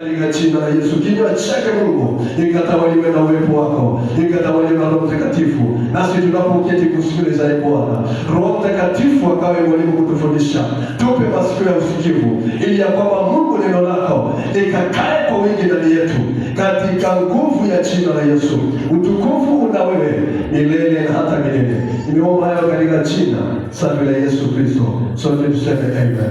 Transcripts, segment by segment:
Katika jina la Yesu, kinywa chake Mungu ikatawaliwe na uwepo wako, ikatawaliwe na Roho Mtakatifu, nasi tunapoketi kusikiliza e Bwana, Roho Mtakatifu akawe mwalimu kutufundisha. Tupe masikio ya usikivu, ili ya kwamba Mungu neno lako ikakae kwa wingi ndani yetu, katika nguvu ya jina la Yesu. Utukufu una wewe milele na hata milele. Nimeomba hayo katika jina safi la Yesu Kristo, sote tuseme amen.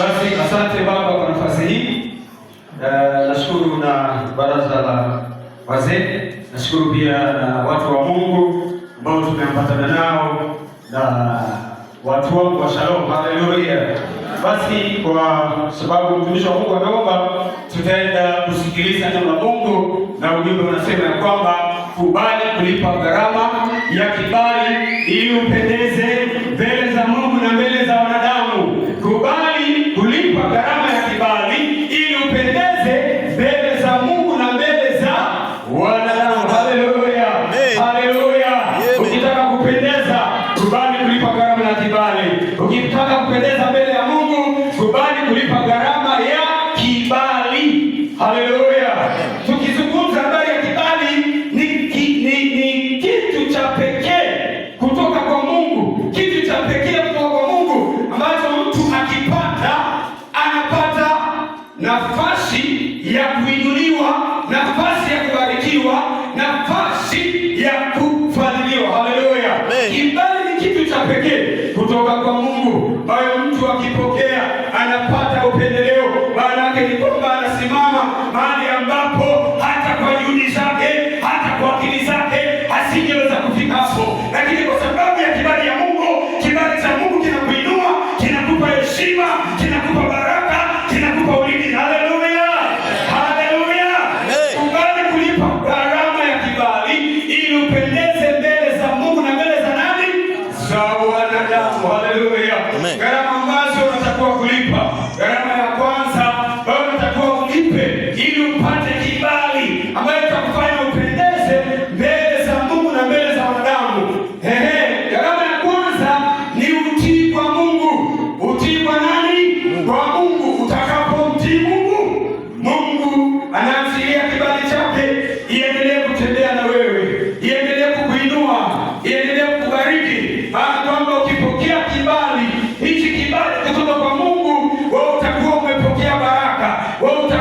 Basi asante Baba kwa nafasi hii. Nashukuru na baraza la wazee, nashukuru pia na watu wa Mungu ambao tumeambatana nao na watu wangu wa Shalom. Haleluya! Basi kwa sababu mtumishi wa Mungu ameomba, tutaenda kusikiliza neno la Mungu na ujumbe unasema ya kwamba kubali kulipa gharama ya kibali ili upendeze kulipa gharama ya kibali. Ukitaka kupendeza mbele ya Mungu, kubali kulipa gharama ya kibali. Haleluya! Tukizungumza habari ya kibali, ni, ni, ni kitu cha pekee kutoka kwa Mungu, kitu cha pekee kutoka kwa Mungu ambacho mtu akipata anapata nafasi ya kuinuliwa, nafasi ya kubarikiwa, nafasi років поки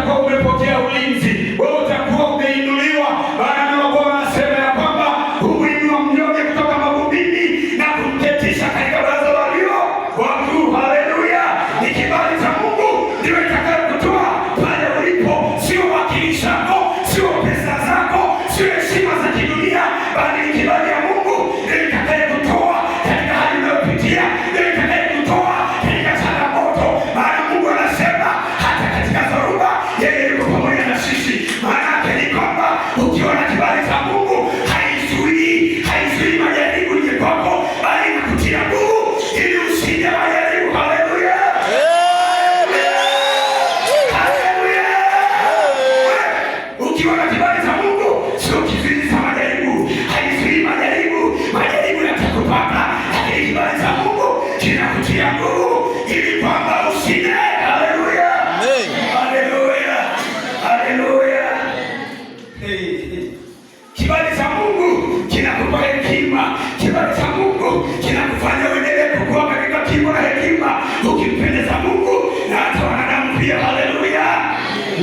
utakuwa umepokea ulinzi, wewe utakuwa umeinuliwa. Maana neno anasema ya kwamba huinua mnyonge kutoka mavumbini na kumketisha katika baraza la walio wakuu. Haleluya! Ni kibali cha Mungu ndio kutia nguvu ili kwamba usinde. Haleluya, haleluya, haleluya. Kibali cha Mungu kinakupa hekima, kibali cha Mungu kinakufanya uendelee kukua katika kimo na hekima, ukimpendeza Mungu na hata wanadamu pia. Haleluya.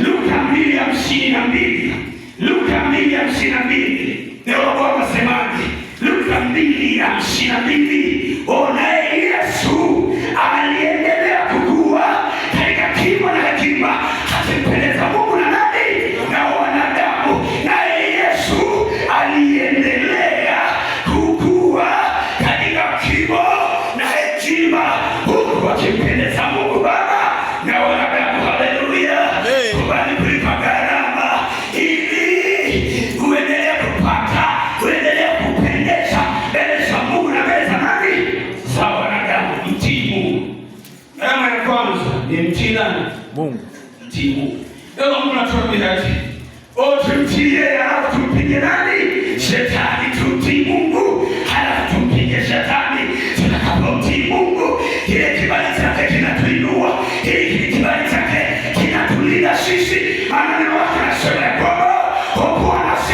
Luka mbili hamsini na mbili Luka mbili hamsini na mbili Neno la Bwana semaje? Luka mbili hamsini na mbili Ona mtii nani? Mungu. Mtii Mungu. Leo Mungu anatuambiaje? O, oh, tumtii yeye halafu tumpige nani? Shetani. Tumtii Mungu halafu tumpige shetani.